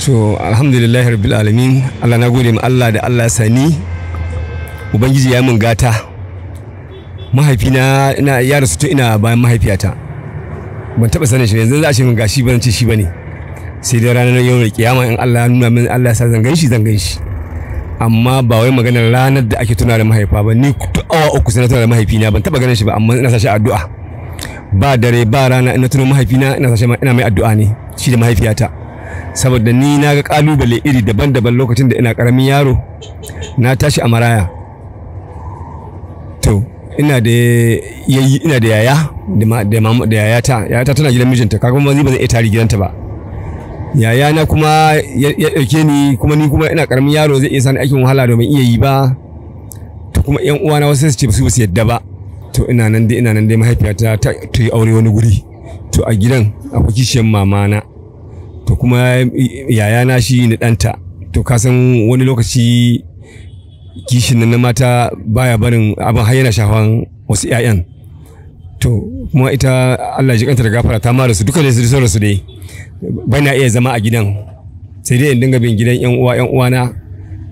so alhamdulillah rabbil alamin Allah na gode ma Allah da Allah sani ubangiji ya mun gata mahaifina ina ya rasu tun ina bayan mahaifiyata ban taba sanin shi yanzu za a ce min gashi ban ce shi bane sai dai ranar yau da kiyama in Allah ya nuna min Allah ya sa zangan shi zangan shi amma ba wai maganar ranar da ake tuna da mahaifa ba ni awa uku sai na tuna da mahaifina ban taba ganin shi ba amma ina sashi addu'a ba dare ba rana ina tuna mahaifina ina sashi ina mai addu'a ne shi da mahaifiyata saboda ni na ga kalubale iri daban-daban lokacin da ina karamin yaro na tashi a maraya to ina da yayi ina da yaya da mamu da yayata yayata tana gidan mijinta kaga kuma ni ba zan iya tari gidanta ba yaya na kuma ya dauke ni kuma ni kuma ina karamin yaro zai iya sani aikin wahala domin iya yi ba to kuma yan uwana wasu su ce ba su yadda ba to ina nan dai ina nan dai mahaifiyata ta yi aure wani guri to a gidan akwai kishiyar mamana kuma yayana shi ni danta to ka san wani lokaci kishin nan na mata baya barin abin har yana shafan wasu 'ya'yan to kuma ita Allah ji kanta da gafara ta mara su duka su ne, dai bana iya zama a gidan sai dai in dinga bin gidan yan uwa yan uwana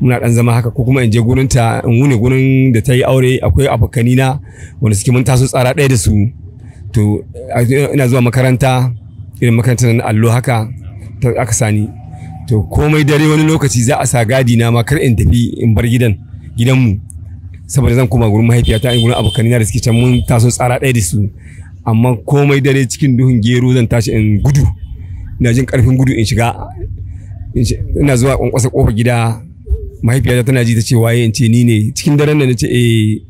muna dan zama haka ko kuma in je gurin ta in wuni gurin da ta yi aure akwai abokani na wanda suke mun taso tsara ɗaya da su to ina zuwa makaranta irin makarantar allo haka ta aka sani to komai dare wani lokaci za a sa gadi na ma kar in tafi in bar gidan gidanmu saboda zan koma gurin mahaifiyata in gurin abokanina da suke can mun taso tsara ɗaya da su amma komai dare cikin duhun gero zan tashi in gudu ina jin karfin gudu in shiga ina zuwa kwankwasa kofar gida mahaifiyata tana ji ta ce waye in ce ni ne cikin daren da na ce eh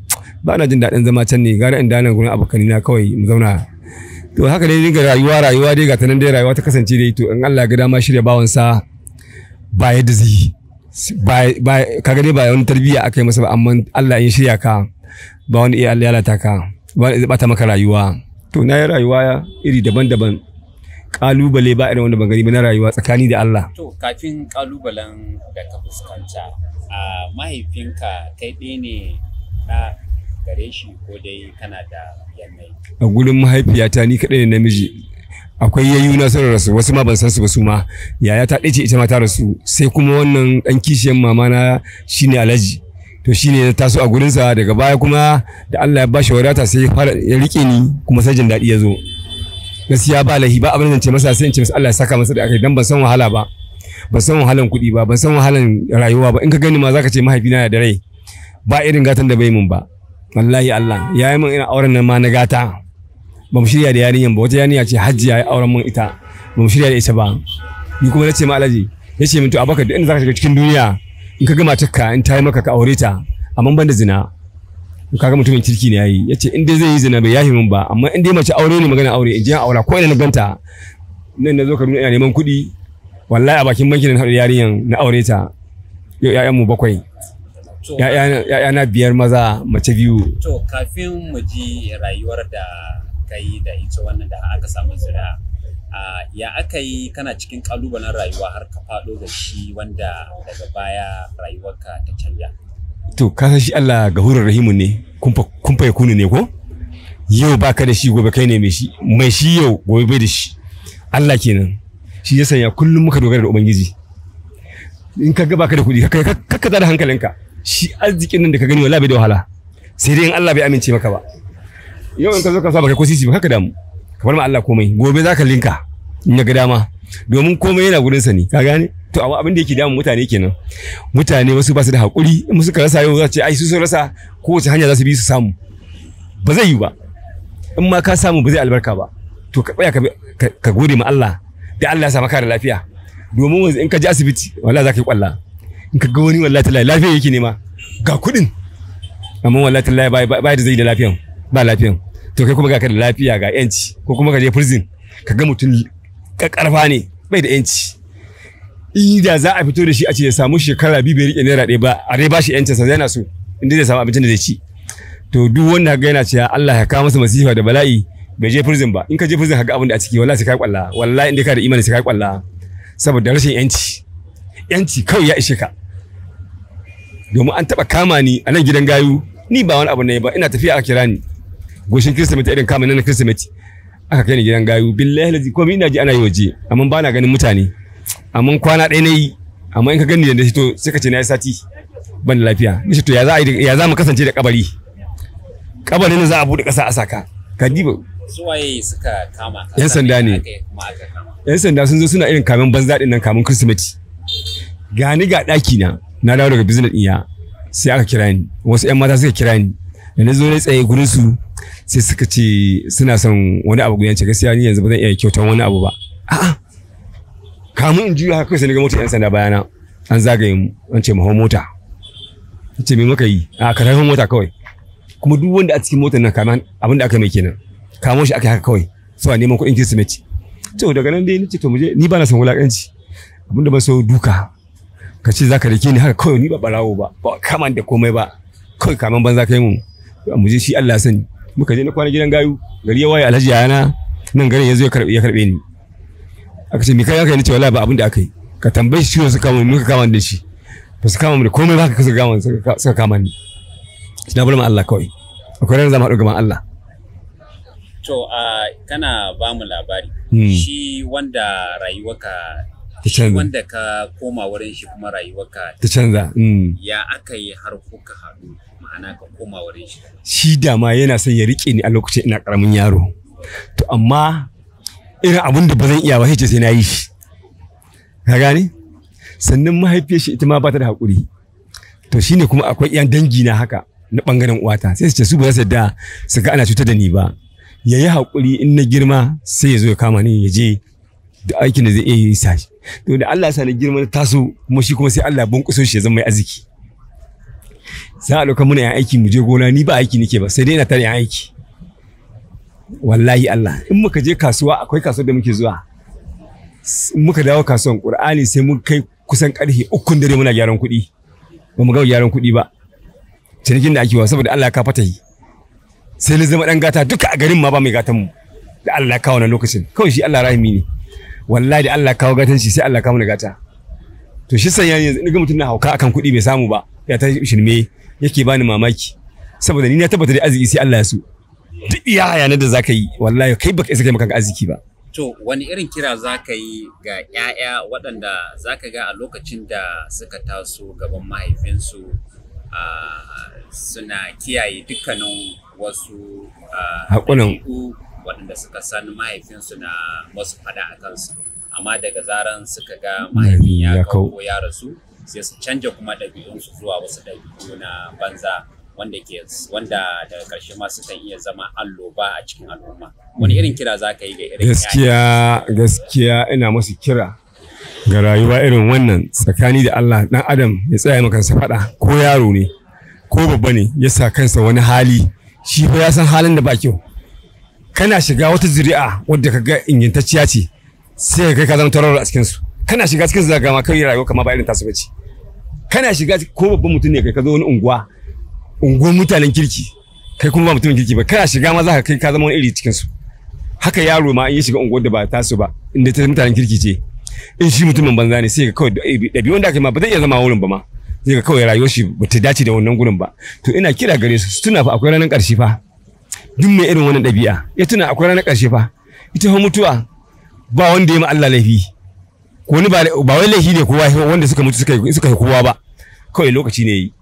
ba na jin daɗin zama can ne gara in dana gurin abokanina kawai mu zauna to haka dai dinga rayuwa rayuwa dai ga ta nan dai rayuwa ta kasance dai to in Allah ya ga dama shirya sa ba yadda zai ba kaga dai ba wani tarbiyya aka yi masa ba amma Allah in shirya ka ba wani iya Allah ya ka ba zai bata maka rayuwa to na yi rayuwa iri daban-daban kalubale ba irin wanda ban gani ba na rayuwa tsakani da Allah to kafin kalubalen da ka fuskanta mahaifinka kai ɗaya ne gare shi ko dai kana da yanayi a gurin mahaifiyata ni kaɗai namiji akwai yayu na sun rasu wasu ma ban san su ba su ma yaya ta ɗace ita ma ta rasu sai kuma wannan ɗan kishiyan mama na shine alhaji to shine ta taso a gurinsa daga baya kuma da Allah ya bashi wadata sai ya rike ni kuma sai jin daɗi ya zo gaskiya ba lahi ba abin da ce masa sai in ce masa Allah ya saka masa da akai dan ban san wahala ba ban san wahalan kuɗi ba ban san wahalan rayuwa ba in ka gani ma zaka ce mahaifina ya da rai ba irin gatan da bai mun ba wallahi Allah ya yi min ina auren nan ma na gata ba mu shirya da yarinyan ba wata yarinya ce hajji ya yi auren min ita ba mu shirya da ita ba ni kuma na ce ma alaji ya ce min to abaka duk inda zaka shiga cikin duniya in ka gama takka in ta yi maka ka aure ta amma ban da zina kaga mutumin kirki ne yayi yace in dai zai yi zina bai yahi min ba amma in dai mace aure ne magana aure in je aura ko ina na ganta nan na zo Kaduna ina neman kuɗi wallahi a bakin bankin na haɗu yarinyan na aure ta yau mu bakwai 'ya'yana biyar maza mace biyu to kafin mu ji rayuwar da kai da ita wannan da aka samu zira ya aka yi kana cikin kalubalen rayuwa har ka faɗo da shi wanda daga baya rayuwarka ta canja to ka san shi Allah gahurar rahimu ne kumfa ya kunu ne ko yau baka da shi gobe kai ne mai shi mai shi yau gobe bai da shi Allah kenan shi ya sanya kullum muka dogara da ubangiji in ka ga baka da kuɗi ka ka da hankalinka shi arzikin nan da ka gani wallahi bai da wahala sai dai in Allah bai amince maka ba yau in ka zo ka saba kai ko sisi ba kaka damu ka bar ma Allah komai gobe za ka linka in ga dama domin komai yana gurin sa ne ka gane to amma abin da yake damu mutane kenan mutane wasu ba su da hakuri in ka rasa yau za ce ai su sun rasa Ko wace hanya za su bi su samu ba zai yi ba in ma ka samu ba zai albarka ba to ka tsaya ka gode ma Allah da Allah ya sa maka da lafiya domin in ka je asibiti wallahi za ka yi kwalla ka ga wani wallahi tallahi lafiya yake nema ga kuɗin amma wallahi tallahi ba da zai da lafiyan ba lafiyan to kai kuma ga ka da lafiya ga yanci ko kuma ka je prison ka ga mutum karfa ne bai da yanci da za a fito da shi a ce ya samu shekara biyu bai rike naira ɗaya ba a dai bashi yancin sa yana so inda zai samu abincin da zai ci to duk wanda ga yana cewa Allah ya kawo masa masifa da bala'i bai je prison ba in ka je prison ka ga abin da a ciki wallahi sai ka kwalla wallahi inda ka da imani sai ka kwalla saboda rashin yanci yanci kawai ya ishe ka domin an taɓa kama ni a nan gidan gayu ni ba wani abu ne ba ina tafiya aka kira ni goshin kirsimeti irin kama na kirsimeti aka kai ni gidan gayu billahi lazi komai ina ji ana yi waje amma ba na ganin mutane amma kwana ɗaya na yi amma in ka gani da shi to sai ka ce na yi sati ban da lafiya mishi to ya za ya za mu kasance da kabari kabarin za a buɗe ƙasa a saka ka diba suwaye suka kama yan sanda ne yan sanda sun zo suna irin kamin banza ɗin nan kamin kirsimeti gani ga ɗaki na na dawo daga business iya sai aka kira ni wasu 'yan mata suka kira ni da na zo na tsaye gurin su sai suka ce suna son wani abu gudanci gaskiya ni yanzu ba zan iya kyautan wani abu ba a'a kamun in juya haka sai na ga motar 'yan sanda bayana an zagaye mu an ce mahon mota ce me muka yi a karfin mota kawai kuma duk wanda a cikin motar nan kaman abin da aka mai kenan kamo shi aka haka kawai suwa neman kuɗin kirsimeti to daga nan dai ni ce to muje ni ba na son wulakanci abin da ban so duka ka ce za ka rike ni haka kawai ni ba barawo ba ba kaman da komai ba kawai kaman banza yi mun. mu je shi Allah sani muka je na kwana gidan gayu gari ya waye alhaji yana nan garin ya zo ya karbe ya karbe ni aka ce me kai aka yi ce wallahi ba abin da aka yi ka tambaye shi su kama muka kama da shi ba su kama mu da komai ba ka kasa kama suka kama ni na bar Allah kawai akwai ranar zama haɗu gaban Allah to kana ba mu labari hmm. shi wanda rayuwarka wanda ka koma wurin shi kuma rayuwarka ta canza mm. ya aka yi har kuka haɗu ma'ana ka koma wurin shi shi dama yana son ya rike ni a lokacin ina karamin yaro to amma irin abin da ba zan iya ba sai sai na yi shi ka gane sannan mahaifiyar shi ita ma ba ta da haƙuri to shine kuma akwai yan dangi na haka na bangaren uwata sai su ce su ba su da su ga ana cutar da ni ba ya yi haƙuri in na girma sai ya zo ya kama ni ya je da aikin da zai iya yi sashi to da Allah sani girman ta taso kuma shi kuma sai Allah bunkuso shi ya zama mai arziki za a lokacin muna yan aiki mu je gona ni ba aiki nake ba sai dai na tare yan aiki wallahi Allah in muka je kasuwa akwai kasuwa da muke zuwa muka dawo kasuwan Qur'ani sai mun kai kusan karfe ukun dare muna gyaran kuɗi ba mu ga gyaran kuɗi ba cinikin da ake wa saboda Allah ka yi sai na zama dan gata duka a garin ma ba mai gatan mu da Allah ya kawo na lokacin kawai shi Allah rahimi ne wallahi da Allah kawo gatan shi sai Allah kawo gata to shi yayin yanzu in ga mutum na hauka akan kuɗi bai samu ba ya ta shirme yake bani mamaki saboda ni na tabbata da arziki sai Allah ya so duk iya hayanar da zaka yi wallahi kai baka isa kai maka arziki ba To wani irin kira za ka yi ga 'ya'ya waɗanda za ka ga a lokacin da suka taso gaban mahaifinsu suna kiyaye dukkanin wasu haƙunan waɗanda suka san mahaifinsu na masu faɗa a kansu amma daga zaran suka ga mahaifin ya kawo ya rasu sai su canja kuma ɗabi'unsu zuwa wasu ɗabi'u na banza wanda ke wanda daga ƙarshe ma suka iya zama alloba a cikin al'umma wani irin kira za ka yi ga irin gaskiya gaskiya ina musu kira ga rayuwa irin wannan tsakani da Allah dan adam ya tsaya maka sa faɗa ko yaro ne ko babba ne ya sa kansa wani hali shi ba ya san halin da ba kyau kana shiga wata zuri'a wadda ka ga ingantacciya ce sai ka kai ka zama tauraro a su kana shiga cikin zaga ma kai rayuwa kama ba irin tasu bace kana shiga ko babban mutum ne kai ka zo wani unguwa unguwar mutanen kirki kai kuma ba mutumin kirki ba kana shiga ma za ka kai ka zama wani iri cikinsu haka yaro ma in ya shiga unguwar da ba tasu ba inda ta mutanen kirki ce in shi mutumin banza ne sai ka kawai dabi eh, wanda kai ma ba zai iya zama wurin ba ma sai ka kawai rayuwar shi ba ta dace da wannan gurin ba to ina kira gare su tuna fa akwai ranar ƙarshe fa duk mai irin wani ɗabi'a ya tuna akwai ranar ƙarshe fa ita fa mutuwa ba wanda ya ma Allah laifi ko wani ba wai laifi ne kowa wanda suka mutu suka suka kowa ba kawai lokaci ne yi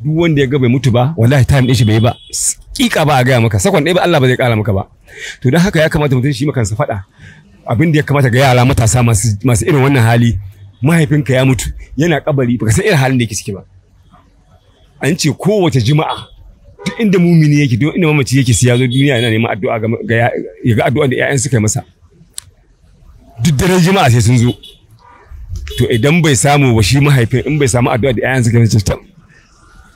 duk wanda ya ga bai mutu ba wallahi time din shi bai ba kika ba a gaya maka sakon ɗaya ba Allah ba zai kara maka ba to dan haka ya kamata mutum shi makansa faɗa abin da ya kamata ga yara matasa masu masu irin wannan hali mahaifinka ya mutu yana kabari baka san irin halin da yake ciki ba an ce kowace juma'a duk inda mumini yake duk inda mamaci yake sai ya zo duniya yana neman addu'a ga ya ga addu'a da ƴaƴan suka yi masa duk daren jima'a sai sun zo to idan bai samu ba shi mahaifin in bai samu addu'a da ƴaƴan suka yi masa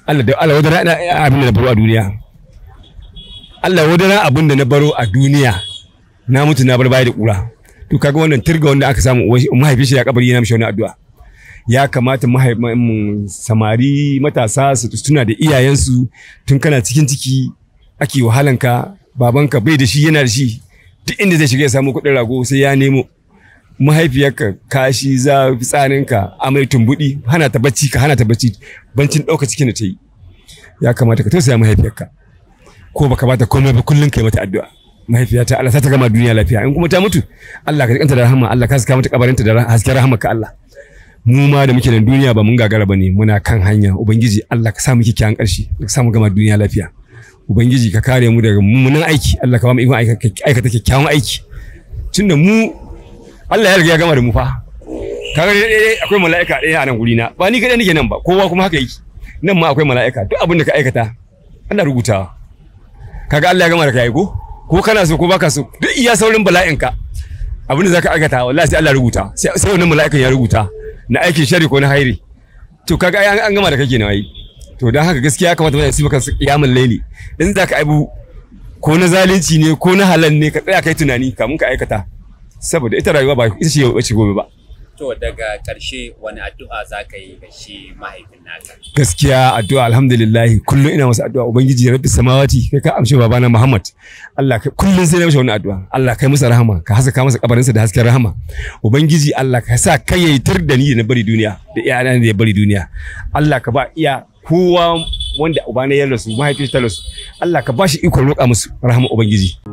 Allah da Allah wadana abin da na baro a duniya Allah wadana abin da na baro a duniya na mutu na bar baya da kura to kaga wannan tirga wanda aka samu mahaifin shi ya kabari yana mishi wani addu'a ya kamata samari matasa su tuna da iyayensu tun kana cikin ciki ake wahalanka babanka bai da shi yana da shi duk inda zai shiga ya samu kuɗin rago sai ya nemo mahaifiyarka kashi za tsarinka amai tumbuɗi hana ta bacci ka hana ta bacci bancin ɗauka cikin da ta yi ya kamata ka tausaya mahaifiyarka ko baka bata komai ba kullum kai mata addu'a mahaifiyata Allah ta gama duniya lafiya in kuma ta mutu Allah ka jikanta da rahama Allah ka saka mata kabarinta da hasken rahama ka Allah mu ma da muke nan duniya ba mun gagara bane muna kan hanya ubangiji Allah ka sa mu kikkiyan karshe ka sa mu gama duniya lafiya ubangiji ka kare mu daga mummunan aiki Allah ka ba mu ikon aikata kyakkyawan aiki tunda mu Allah ya riga ya gama da mu fa kaga dai akwai mala'ika ɗaya a nan guri na ba ni kadai nake nan ba kowa kuma haka yake nan ma akwai mala'ika duk abin da ka aikata Allah rubutawa kaga Allah ya gama da kai ko ko kana so ko baka so duk iya saurin bala'inka abin da zaka aikata wallahi sai Allah rubuta sai wannan mala'ikan ya rubuta na aikin shari ko na hairi to kaga ai an gama da kake na yi to dan haka gaskiya ya kamata mutane su maka yamin laili in za ka aibu ko na zalunci ne ko na halal ne ka tsaya kai tunani kamun ka aikata saboda ita rayuwa ba ita ce wace gobe ba To daga ƙarshe wani addu'a za ka yi ga shi mahaifin naka? Gaskiya addu'a alhamdulillahi kullum ina masa addu'a ubangiji rabbi samawati kai ka amshe babana Muhammad Allah kai kullum sai na masa wani addu'a Allah kai masa rahama ka haska masa kabarinsa da hasken rahama ubangiji Allah ka sa kai yayi tar da ni na bari duniya da iyana da ya bari duniya Allah ka ba iya kowa wanda ubana ya rasu mahaifin ta rasu Allah ka ba shi ikon roƙa musu rahama ubangiji.